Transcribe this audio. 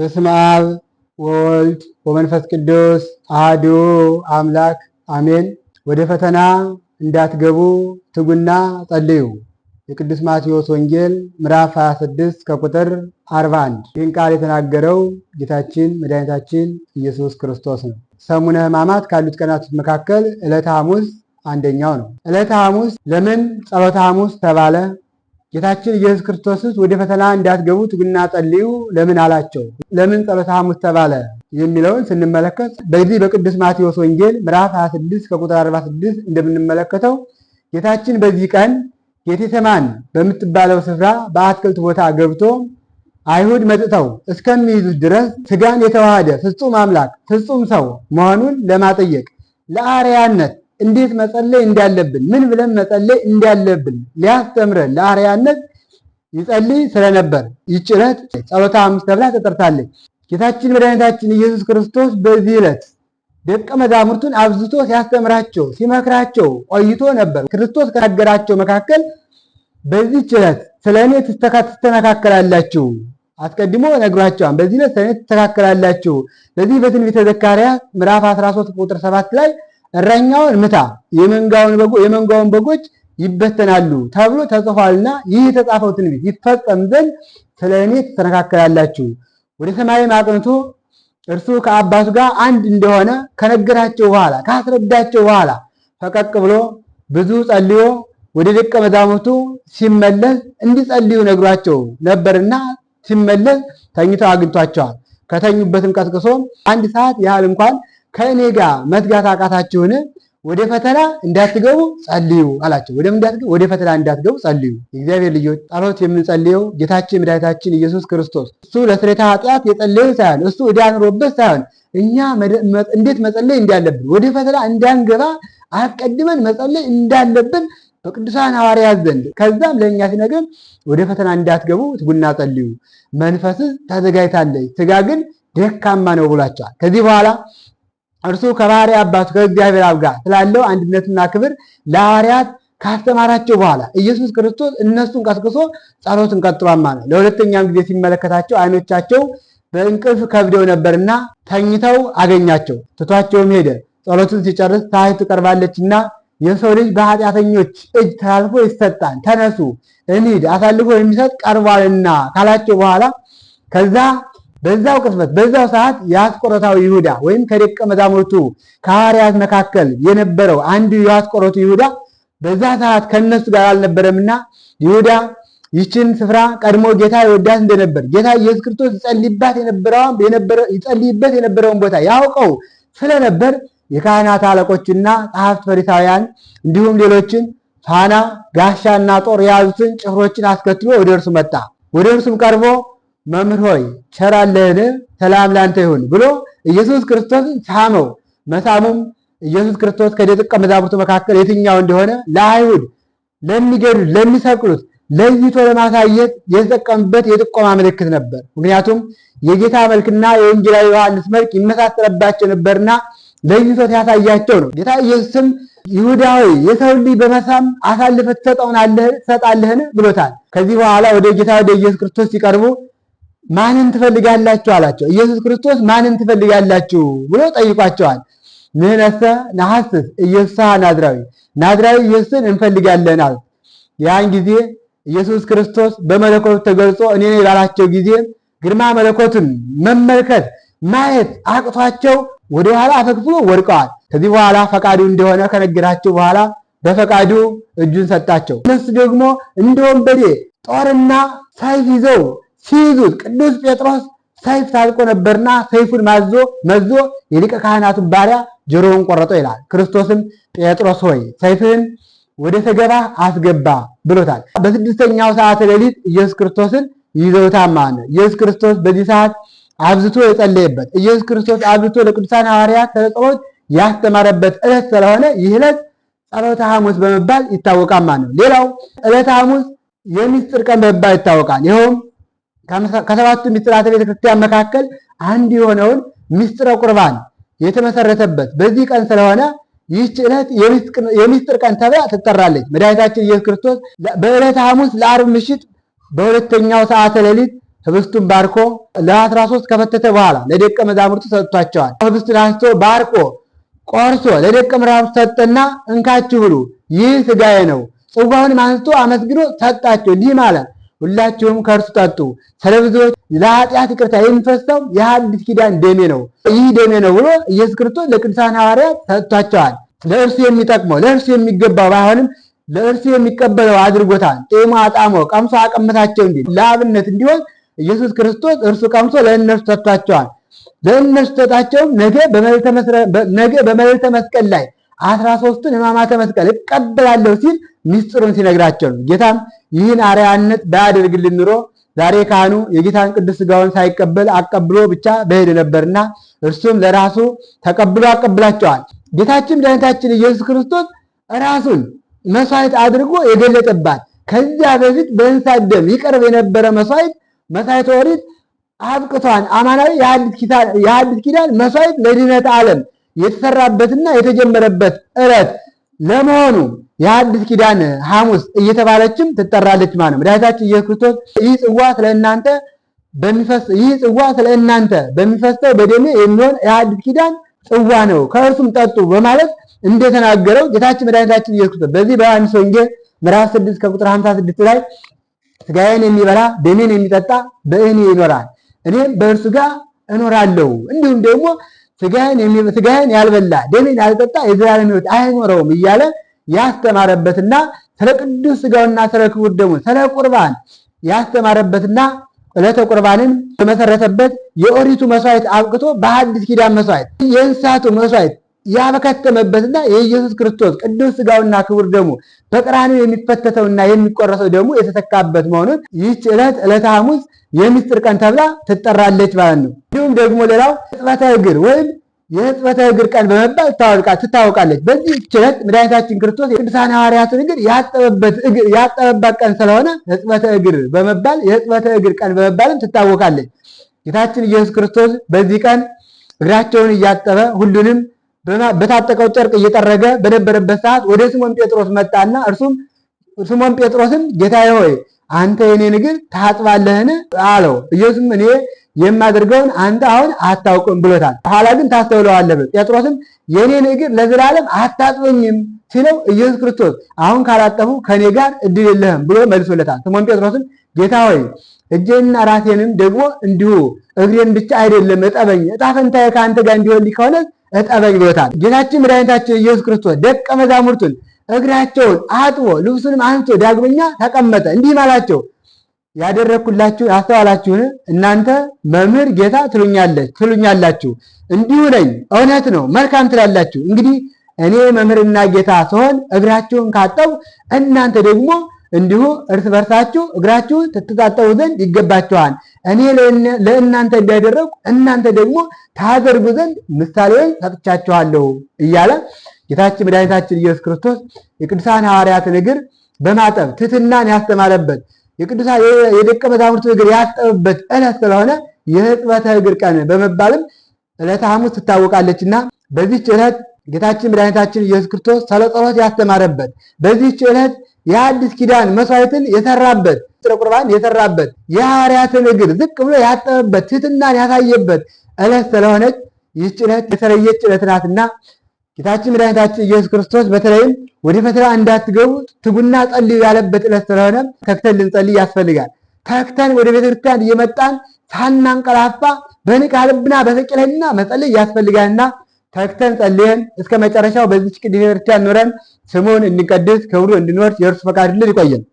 በስመ አብ ወወልድ ወመንፈስ ቅዱስ አህዱ አምላክ አሜን። ወደ ፈተና እንዳትገቡ ትጉና ጸልዩ። የቅዱስ ማቴዎስ ወንጌል ምዕራፍ 26 ከቁጥር 41። ይህን ቃል የተናገረው ጌታችን መድኃኒታችን ኢየሱስ ክርስቶስ ነው። ሰሙነ ሕማማት ካሉት ቀናቶች መካከል ዕለተ ሐሙስ አንደኛው ነው። ዕለተ ሐሙስ ለምን ጸሎተ ሐሙስ ተባለ? ጌታችን ኢየሱስ ክርስቶስስ ወደ ፈተና እንዳትገቡ ትግና ጸልዩ ለምን አላቸው? ለምን ጸሎተ ሐሙስ ተባለ? የሚለውን ስንመለከት በዚህ በቅዱስ ማቴዎስ ወንጌል ምዕራፍ 26 ከቁጥር 46 እንደምንመለከተው ጌታችን በዚህ ቀን የቴተማን በምትባለው ስፍራ በአትክልት ቦታ ገብቶ አይሁድ መጥተው እስከሚይዙት ድረስ ስጋን የተዋሃደ ፍጹም አምላክ ፍጹም ሰው መሆኑን ለማጠየቅ ለአርያነት እንዴት መጸለይ እንዳለብን ምን ብለን መጸለይ እንዳለብን ሊያስተምረን ለአርያነት ይጸልይ ስለነበር ይህች ዕለት ጸሎተ ሐሙስ ተብላ ተጠርታለች። ጌታችን መድኃኒታችን ኢየሱስ ክርስቶስ በዚህ ዕለት ደቀ መዛሙርቱን አብዝቶ ሲያስተምራቸው ሲመክራቸው ቆይቶ ነበር። ክርስቶስ ከነገራቸው መካከል በዚህች ዕለት ስለ እኔ ትስተካከላላችሁ፣ አስቀድሞ ነግሯቸዋል። በዚህ ዕለት ስለ እኔ ትስተካከላላችሁ። በዚህ በትንቢተ ዘካርያስ ምዕራፍ 13 ቁጥር 7 ላይ እረኛውን ምታ የመንጋውን በጎች ይበተናሉ ተብሎ ተጽፏልና ይህ የተጻፈው ትንቢት ይፈጸም ዘንድ ስለ እኔ ወደ ሰማይም አቅንቶ እርሱ ከአባቱ ጋር አንድ እንደሆነ ከነገራቸው በኋላ ካስረዳቸው በኋላ ፈቀቅ ብሎ ብዙ ጸልዮ ወደ ደቀ መዛሙርቱ ሲመለስ እንዲጸልዩ ነግሯቸው ነበርና ሲመለስ ተኝተው አግኝቷቸዋል። ከተኙበትም ቀስቅሶ አንድ ሰዓት ያህል እንኳን ከእኔ ጋር መትጋት አቃታችሁን? ወደ ፈተና እንዳትገቡ ጸልዩ አላቸው። ወደ ወደ ፈተና እንዳትገቡ ጸልዩ። የእግዚአብሔር ልጆች ጸሎት የምንጸልየው ጌታችን መድኃኒታችን ኢየሱስ ክርስቶስ እሱ ለስሬታ ኃጢአት የጸለየው ሳይሆን እሱ ወደ አኑሮበት ሳይሆን እኛ እንዴት መጸለይ እንዳለብን ወደ ፈተና እንዳንገባ አስቀድመን መጸለይ እንዳለብን በቅዱሳን ሐዋርያት ዘንድ ከዛም ለእኛ ሲነግረን ወደ ፈተና እንዳትገቡ ትጉና ጸልዩ፣ መንፈስ ተዘጋጅታለች፣ ስጋ ግን ደካማ ነው ብሏቸዋል። ከዚህ በኋላ እርሱ ከባህሪ አባቱ ከእግዚአብሔር አብ ጋር ስላለው አንድነትና ክብር ለሐዋርያት ካስተማራቸው በኋላ ኢየሱስ ክርስቶስ እነሱን ቀስቅሶ ጸሎትን ቀጥሏማ ነው። ለሁለተኛም ጊዜ ሲመለከታቸው አይኖቻቸው በእንቅልፍ ከብደው ነበርና ተኝተው አገኛቸው፣ ትቷቸውም ሄደ። ጸሎትን ሲጨርስ ፀሐይ ትቀርባለችና የሰው ልጅ በኃጢአተኞች እጅ ተላልፎ ይሰጣል፣ ተነሱ እንሂድ፣ አሳልፎ የሚሰጥ ቀርቧልና ካላቸው በኋላ ከዛ በዛው ቅጽበት በዛው ሰዓት የአስቆረታዊ ይሁዳ ወይም ከደቀ መዛሙርቱ ከሐዋርያት መካከል የነበረው አንዱ የአስቆረቱ ይሁዳ በዛ ሰዓት ከነሱ ጋር አልነበረምና ይሁዳ ይችን ስፍራ ቀድሞ ጌታ ይወዳት እንደነበር ጌታ ኢየሱስ ክርስቶስ ይጸልይበት የነበረውን ቦታ ያውቀው ስለነበር የካህናት አለቆችና ጸሐፍት ፈሪሳውያን እንዲሁም ሌሎችን ፋና ጋሻና ጦር የያዙትን ጭፍሮችን አስከትሎ ወደ እርሱ መጣ። ወደ እርሱም ቀርቦ መምህር ሆይ ቸር አለህን ሰላም ላንተ ይሁን ብሎ ኢየሱስ ክርስቶስ ሳመው። መሳሙም ኢየሱስ ክርስቶስ ከደቀ መዛሙርቱ መካከል የትኛው እንደሆነ ለአይሁድ ለሚገዱት፣ ለሚሰቅሉት ለይቶ ለማሳየት የተጠቀምበት የጥቆማ ምልክት ነበር። ምክንያቱም የጌታ መልክና የወንጌላዊ ዮሐንስ መልክ ይመሳሰለባቸው ነበርና ለይቶ ሲያሳያቸው ነው። ጌታ ኢየሱስም ይሁዳዊ የሰው ልጅ በመሳም አሳልፈ ትሰጠውናለህ ትሰጣለህን ብሎታል። ከዚህ በኋላ ወደ ጌታ ወደ ኢየሱስ ክርስቶስ ሲቀርቡ ማንን ትፈልጋላችሁ አላቸው። ኢየሱስ ክርስቶስ ማንን ትፈልጋላችሁ ብሎ ጠይቋቸዋል። ንሕነሰ ናሐስስ ኢየሱስ ናዝራዊ፣ ናዝራዊ ኢየሱስን እንፈልጋለን አሉ። ያን ጊዜ ኢየሱስ ክርስቶስ በመለኮት ተገልጾ እኔ ነኝ ባላቸው ጊዜ ግርማ መለኮትን መመልከት ማየት አቅቷቸው ወደ ኋላ አፈግፍጎ ወድቀዋል። ከዚህ በኋላ ፈቃዱ እንደሆነ ከነገራቸው በኋላ በፈቃዱ እጁን ሰጣቸው። እነሱ ደግሞ እንደ ወንበዴ ጦርና ሰይፍ ይዘው ሲይዙት ቅዱስ ጴጥሮስ ሰይፍ ታጥቆ ነበርና ሰይፉን ማዞ መዞ የሊቀ ካህናቱን ባሪያ ጆሮውን ቆረጦ ይላል። ክርስቶስም ጴጥሮስ ሆይ ሰይፍህን ወደ ሰገባ አስገባ ብሎታል። በስድስተኛው ሰዓት ሌሊት ኢየሱስ ክርስቶስን ይዘውታማ ነው። ኢየሱስ ክርስቶስ በዚህ ሰዓት አብዝቶ የጸለየበት ኢየሱስ ክርስቶስ አብዝቶ ለቅዱሳን ሐዋርያት ጸሎት ያስተማረበት ዕለት ስለሆነ ይህ ዕለት ጸሎተ ሐሙስ በመባል ይታወቃማ ነው። ሌላው ዕለተ ሐሙስ የሚስጥር ቀን በመባል ይታወቃል። ይኸውም ከሰባቱ ምስጢራተ ቤተ ክርስቲያን መካከል አንድ የሆነውን ምስጢረ ቁርባን የተመሰረተበት በዚህ ቀን ስለሆነ ይህች ዕለት የምስጢር ቀን ተብላ ትጠራለች። መድኃኒታችን ኢየሱስ ክርስቶስ በዕለተ ሐሙስ ለአርብ ምሽት በሁለተኛው ሰዓተ ሌሊት ህብስቱን ባርኮ ለአስራ ሦስት ከፈተተ በኋላ ለደቀ መዛሙርቱ ሰጥቷቸዋል። ህብስቱን አንስቶ ባርቆ ቆርሶ ለደቀ መዛሙርቱ ሰጠና እንካችሁ ብሉ፣ ይህ ስጋዬ ነው። ጽዋውንም አንስቶ አመስግኖ ሰጣቸው። እንዲህ ማለት ሁላችሁም ከእርሱ ጠጡ፣ ስለ ብዙዎች ለኃጢአት ይቅርታ የሚፈሰው የሐዲስ ኪዳን ደሜ ነው፣ ይህ ደሜ ነው ብሎ ኢየሱስ ክርስቶስ ለቅዱሳን ሐዋርያት ሰጥቷቸዋል። ለእርሱ የሚጠቅመው ለእርሱ የሚገባው ባይሆንም ለእርሱ የሚቀበለው አድርጎታል። ጤማ አጣሞ ቀምሶ አቀመታቸው እንጂ ለአብነት እንዲሆን ኢየሱስ ክርስቶስ እርሱ ቀምሶ ለእነርሱ ሰጥቷቸዋል። ለእነርሱ ሰጣቸውም ነገ በመልዕልተ መስቀል ላይ አስራ ሶስቱን ሕማማተ መስቀል እቀበላለሁ ሲል ሚስጥሩን ሲነግራቸው ነው። ጌታም ይህን አርያነት ባያደርግልን ኑሮ ዛሬ ካህኑ የጌታን ቅዱስ ስጋውን ሳይቀበል አቀብሎ ብቻ በሄደ ነበርና እርሱም ለራሱ ተቀብሎ አቀብላቸዋል። ጌታችን መድኃኒታችን ኢየሱስ ክርስቶስ ራሱን መስዋዕት አድርጎ የገለጠባት ከዚያ በፊት በእንስሳት ደም ይቀርብ የነበረ መስዋዕት መስዋዕት ኦሪት አብቅቷን አማናዊ የሐዲስ ኪዳን መስዋዕት ለድነት ዓለም የተሰራበትና የተጀመረበት ዕለት ለመሆኑ የአዲስ ኪዳን ሐሙስ እየተባለችም ትጠራለች ማለት ነው። መድኃኒታችን ኢየሱስ ክርስቶስ ይህ ጽዋ ስለ እናንተ በሚፈስ ይህ ጽዋ ስለ እናንተ በሚፈሰው በደሜ የሚሆን የአዲስ ኪዳን ጽዋ ነው፣ ከእርሱም ጠጡ በማለት እንደተናገረው ጌታችን መድኃኒታችን ኢየሱስ ክርስቶስ በዚህ በዮሐንስ ወንጌል ምዕራፍ 6 ከቁጥር 56 ላይ ስጋዬን የሚበላ ደሜን የሚጠጣ በእኔ ይኖራል፣ እኔም በእርሱ ጋር እኖራለሁ እንዲሁም ደግሞ ስጋህን ስጋህን ያልበላ ደሜን ያልጠጣ የዘላለም ሕይወት አይኖረውም እያለ ያስተማረበትና ስለ ቅዱስ ስጋውና ስለ ክቡር ደግሞ ስለ ቁርባን ያስተማረበትና ዕለተ ቁርባንን የመሰረተበት የኦሪቱ መስዋዕት አብቅቶ በሐዲስ ኪዳን መስዋዕት የእንስሳቱ መስዋዕት ያበከተመበትና የኢየሱስ ክርስቶስ ቅዱስ ስጋውና ክቡር ደግሞ በቀራንዮ የሚፈተተውና የሚቆረሰው ደግሞ የተተካበት መሆኑን ይህች ዕለት ዕለተ ሐሙስ የምስጢር ቀን ተብላ ትጠራለች ማለት ነው። እንዲሁም ደግሞ ሌላው ሕጽበተ እግር ወይም የሕጽበተ እግር ቀን በመባል ትታወቃለች። በዚህ ዕለት መድኃኒታችን ክርስቶስ የቅዱሳን ሐዋርያትን እግር ያጠበባት ቀን ስለሆነ ሕጽበተ እግር በመባል የሕጽበተ እግር ቀን በመባልም ትታወቃለች። ጌታችን ኢየሱስ ክርስቶስ በዚህ ቀን እግራቸውን እያጠበ ሁሉንም በታጠቀው ጨርቅ እየጠረገ በነበረበት ሰዓት ወደ ስሞን ጴጥሮስ መጣና እርሱም ስሞን ጴጥሮስም ጌታዬ ሆይ አንተ የኔን እግር ታጥባለህን? አለው። ኢየሱስም እኔ የማደርገውን አንተ አሁን አታውቅም ብሎታል። በኋላ ግን ታስተውለዋለህ። ጴጥሮስም የኔን እግር ለዘላለም አታጥበኝም ሲለው ኢየሱስ ክርስቶስ አሁን ካላጠፉ ከኔ ጋር እድል የለህም ብሎ መልሶለታል። ስሞን ጴጥሮስም ጌታ ሆይ እጄንና ራሴንም ደግሞ እንዲሁ እግሬን ብቻ አይደለም እጠበኝ፣ እጣ ፈንታዬ ከአንተ ጋር እንዲሆን ከሆነ እጠበኝ ብሎታል። ጌታችን መድኃኒታችን ኢየሱስ ክርስቶስ ደቀ መዛሙርቱን እግራቸውን አጥቦ ልብሱንም አንስቶ ዳግመኛ ተቀመጠ። እንዲህ ማላቸው ያደረግኩላችሁ ያስተዋላችሁን? እናንተ መምህር ጌታ ትሉኛላችሁ፣ እንዲሁ ነኝ፣ እውነት ነው፣ መልካም ትላላችሁ። እንግዲህ እኔ መምህርና ጌታ ስሆን እግራችሁን ካጠቡ እናንተ ደግሞ እንዲሁ እርስ በርሳችሁ እግራችሁን ትታጠቡ ዘንድ ይገባችኋል። እኔ ለእናንተ እንዲያደረግኩ እናንተ ደግሞ ታደርጉ ዘንድ ምሳሌውን ሰጥቻችኋለሁ እያለ ጌታችን መድኃኒታችን ኢየሱስ ክርስቶስ የቅዱሳን ሐዋርያትን እግር በማጠብ ትትናን ያስተማረበት የቅዱሳን የደቀ መዛሙርት እግር ያስጠበበት ዕለት ስለሆነ የሕጽበተ እግር ቀን በመባልም ዕለተ ሐሙስ ትታወቃለች እና ዕለት ጌታችን መድኃኒታችን ኢየሱስ ክርስቶስ ስለ ጸሎት ያስተማረበት በዚች ዕለት የአዲስ ኪዳን መስዋዕትን የሰራበት ጥረ ቁርባን የሰራበት የሐዋርያትን እግር ዝቅ ብሎ ያጠበበት ትህትናን ያሳየበት ዕለት ስለሆነች ይህ ዕለት የተለየ ዕለት ናትና ጌታችን መድኃኒታችን ኢየሱስ ክርስቶስ በተለይም ወደ ፈተና እንዳትገቡ ትጉና ጸልዩ ያለበት ዕለት ስለሆነ ተክተን ልንጸልይ ያስፈልጋል። ተክተን ወደ ቤተክርስቲያን እየመጣን ሳናንቀላፋ በንቃ ልብና በተቅለና መጸለይ ያስፈልጋልና ተክተን ጸልየን እስከ መጨረሻው በዚች ቅድስት ቤተክርስቲያን ኑረን ስሙን እንቀድስ፣ ክብሩ እንድንወርስ የእርሱ ፈቃድ ልን ይቆየን።